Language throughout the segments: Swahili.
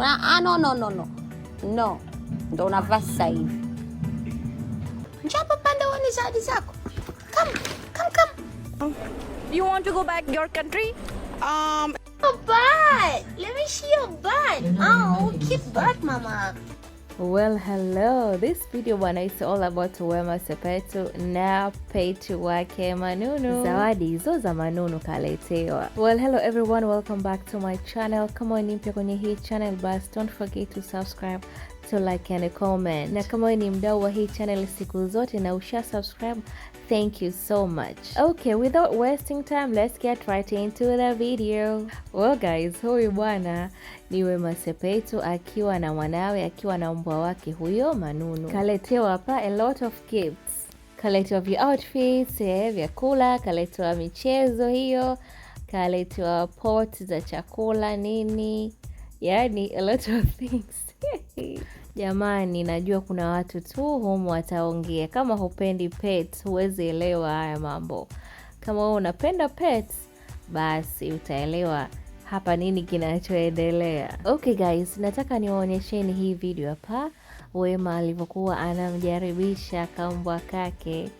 Ah, ah, no, no, no, no. No. Ndo unavaa sasa hivi. Njoo hapa panda uone zawadi zako. Come, come, come. You want to go back your country? Um, oh, butt. Let me see your butt. Oh, keep butt, mama. Well, hello. This video bwana is all about Wema Sepetu na Peti wake Manunu. Zawadi hizo za Manunu kaletewa. Well, hello everyone. Welcome back to my channel. Kama ni mpya kwenye hii channel, basi don't forget to subscribe to like and comment, na kama wewe ni mdau wa hii channel siku zote na usha subscribe, thank you so much. Okay, without wasting time, let's get right into the video. Well guys, huyu bwana ni Wema Sepetu akiwa na mwanawe akiwa na mbwa wake huyo Manunu, kaletewa hapa a lot of gifts, kaletewa vya outfits, eh, vyakula, kaletewa michezo hiyo kaletewa pot za chakula nini, yani a lot of things Jamani, najua kuna watu tu humu wataongea. Kama hupendi pet, huwezi elewa haya mambo. Kama wewe unapenda pet, basi utaelewa hapa nini kinachoendelea. Okay guys, nataka niwaonyesheni hii video hapa, Wema alivyokuwa anamjaribisha kambwa kake.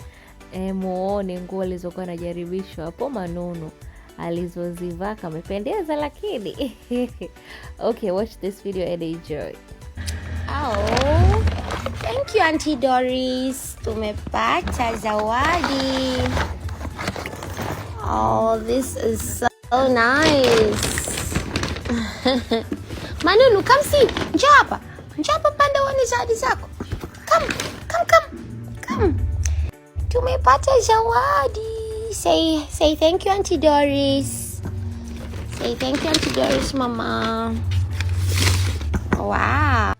E, muone nguo alizokuwa anajaribishwa hapo, manunu alizozivaa kamependeza, lakini okay, watch this video and enjoy. thank you Auntie Doris tumepata zawadi oh this is so nice Manunu come see njoo hapa njoo hapa panda uone zawadi zako come come come come tumepata zawadi say say thank you Auntie Doris say thank you Auntie Doris mama wow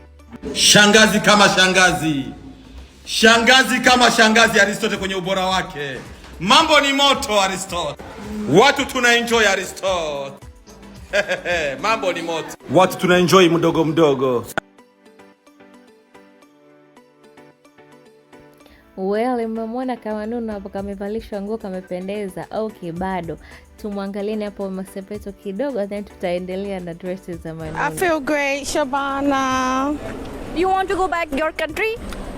Shangazi kama shangazi, shangazi kama shangazi, aristote kwenye ubora wake. Mambo ni moto, Aristote, Watu tuna enjoy Aristote. Mambo ni moto, watu tuna enjoy mdogo mdogo. Well, mmemwona Nuno hapo, kamevalishwa nguo, kamependeza. Okay, bado tumwangalieni hapo masepeto kidogo, then tutaendelea na dresses za Manunu. I feel great, Shabana. You want to go back your country?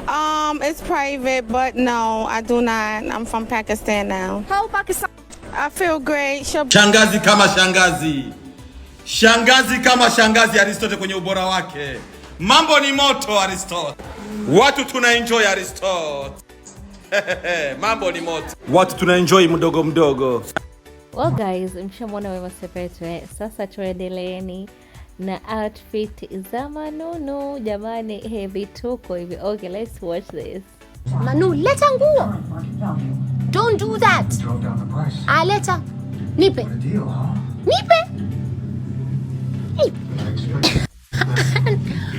Um, it's private, but no, I do not. I'm from Pakistan now. How Pakistan? I feel great. shangazi kama shangazi. Shangazi kama shangazi Aristote kwenye ubora wake. Mambo ni moto Aristote. Watu tuna enjoy Aristote. mambo ni moto, watu tuna enjoy mdogo mdogo. Well guys, mshamwona Wema Sepetu. Sasa tuendeleeni na outfit za Manunu jamani, he vituko hivi. Okay, let's watch this. Manu, leta nguo. Don't do that. Ah, leta. Nipe. Nipe. Nipe.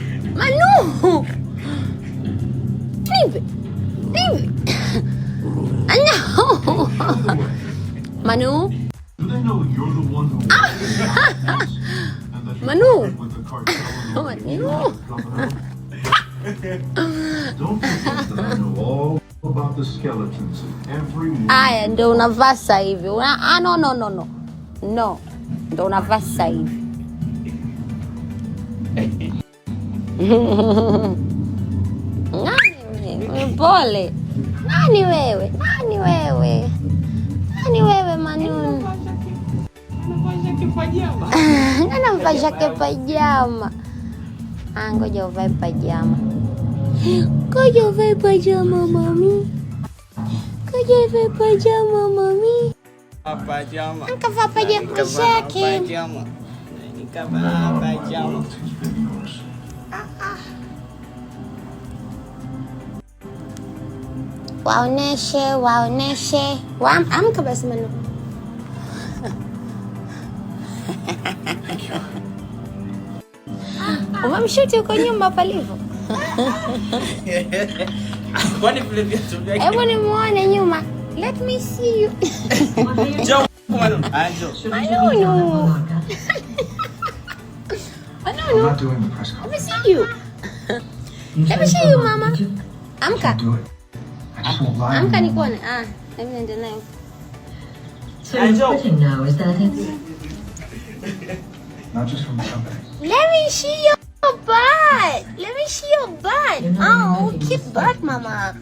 Manu? Do they know you're the one who Manu! Manu! About the skeletons in every aya, ndo unavaa sasa hivi. Ah, no, no, no, no, no, ndo unavaa sasa hivi. Nani wewe? Pole. Nani wewe? Nani wewe? Nani wewe? Manunu anamvaa shake pajama. Ah, ngoja uvae pajama, ngoja uvae pajama mami, ngoja uvae pajama mami, nkavaa pajama shake waoneshe waoneshe, amka basi Manu. Umemshuti uko nyuma palivyo. Kwani vile viatu vyake. Hebu nimuone nyuma. Let me see you. Jo, Manunu. Manunu. Manunu. Let me see you. Let me see you, mama. Amka. Amka nikuone. Ah, hebu niende nayo. So now is that it? Not just from the company. Let me see you. your butt. Let me see your butt. Oh, cute butt, mama.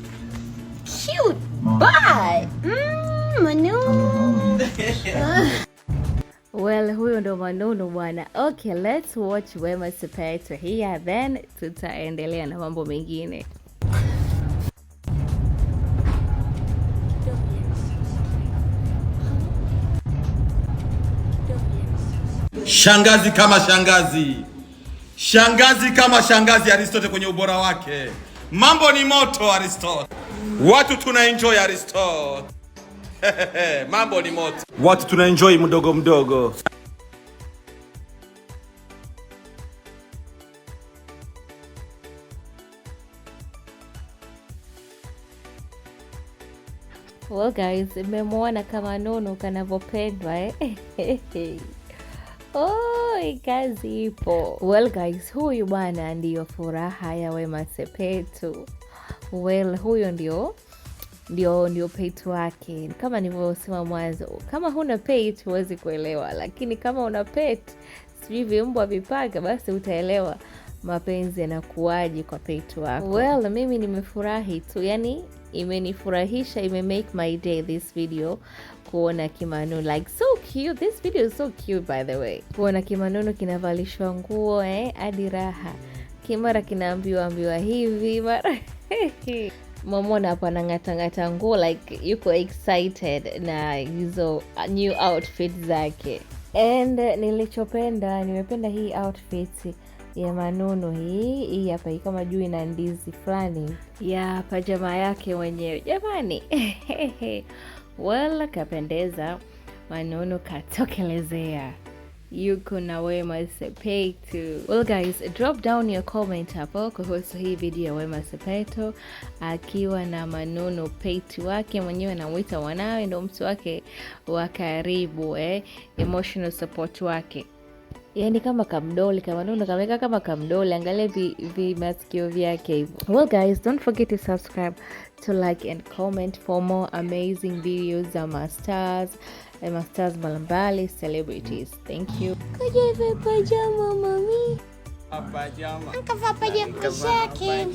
Cute butt. Mmm, Manu. Well, huyo ndo Manunu bwana. Okay, let's watch Wema Sepetu here then tutaendelea na mambo mengine. Shangazi kama shangazi. Shangazi kama shangazi Aristote kwenye ubora wake. Mambo ni moto Aristote. Watu tuna enjoy Aristote. Mambo ni moto. Watu tuna enjoy mdogo mdogo. Well guys, mmemwona kama nono kanavyopendwa eh? Oi, kazi ipo. Well guys, huyu bwana ndiyo furaha ya Wema Sepetu. Well, huyo ndio ndio ndio peitu wake. Kama nilivyosema mwanzo, kama huna peit huwezi kuelewa, lakini kama una pet, sijui vimbwa, vipaka, basi utaelewa mapenzi yanakuwaje kwa peitu wako. Well, mimi nimefurahi tu, yani imenifurahisha, ime make my day this video kuona Kimanu like so cute. This video is so cute by the way. Kuona Kimanunu kinavalishwa nguo eh, hadi raha. Kimara kinaambiwa ambiwa hivi mara Momona hapa anang'atang'ata nguo like yuko excited na hizo new outfit zake. And eh, nilichopenda, nimependa hii outfit ya Manunu hii hii hapa kama juu ina ndizi fulani ya pajama yake mwenyewe jamani. Well, kapendeza. Manono katokelezea yuko na Wema Sepetu. Well guys, drop down your comment hapo kuhusu hii video ya Wema Sepetu akiwa na Manono Peti wake mwenyewe, anamwita wanawe, ndo mtu wake wa karibu eh, emotional support wake Yani kama kamdoli kama Nono kameka kama kamdoli, angalia vi masikio vyake hivyo. Well guys, don't forget to subscribe to like and comment for more amazing videos za masters mastars mbalimbali celebrities. Thank you. Pajama mami. Pajama. Akavaa pajama yake.